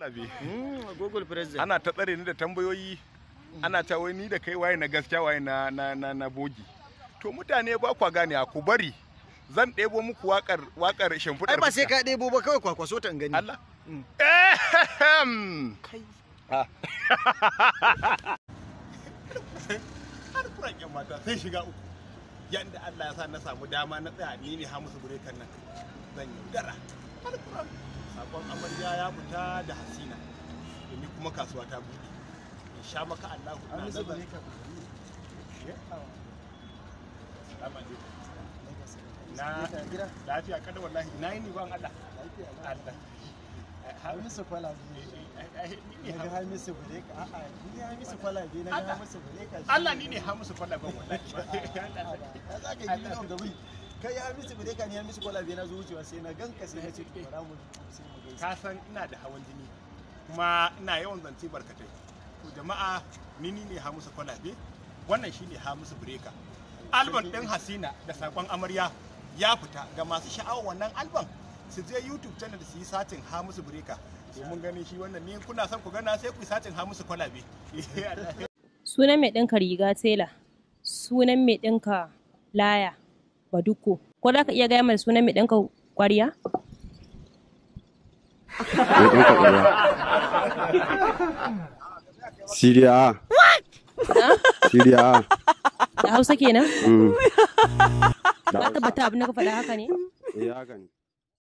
Mm, Google President. Ana ta tsare ni da tambayoyi, ana ta wai ni da kai waye na gaskiya waye na na na, na bogi. To mutane ba kwa gane a ku bari. Zan ɗebo muku wakar wakar shimfiɗar. Ai ba sai ka ɗebo ba kawai so ta gani. Allah. Mm. Kai. Ah. Har kuran yan mata sai shiga uku. yadda Allah ya sa na samu dama na tsaya ni ne ha musu burekan nan zan yi yaudara alkuran sakon amarya ya fita da hasina ni kuma kasuwa ta buɗe in sha maka Allah ku na nazar na lafiya kada wallahi na yi ni ban Allah lafiya Allah hamisu kwalabe ne eh, eh, ga hamisu gure ka a'a ni hamisu kwalabe na ga hamisu gure ka Allah ni ne kwalabe wallahi gabi kai ka kwalabe na zuciya sai na ganka sai na ce to bara mu ka san ina da hawan jini kuma ina yawan zance barkatai to jama'a ni ne hamisu kwalabe wannan shine hamisu bureka albon din hasina da sakon amarya ya fita ga masu sha'awar wannan albon su je youtube channel su yi satin hamisu breka mun gani shi wannan ni kuna son ku gana sai ku satin hamisu kwalabe sunan mai ɗinka riga tela sunan mai ɗinka laya baduko ko za ka iya gaya mai sunan mai ɗinka kwariya Siriya. Siriya. Da Hausa kenan? Ba mm. tabbata abin da ka faɗa haka ne? Eh haka ne.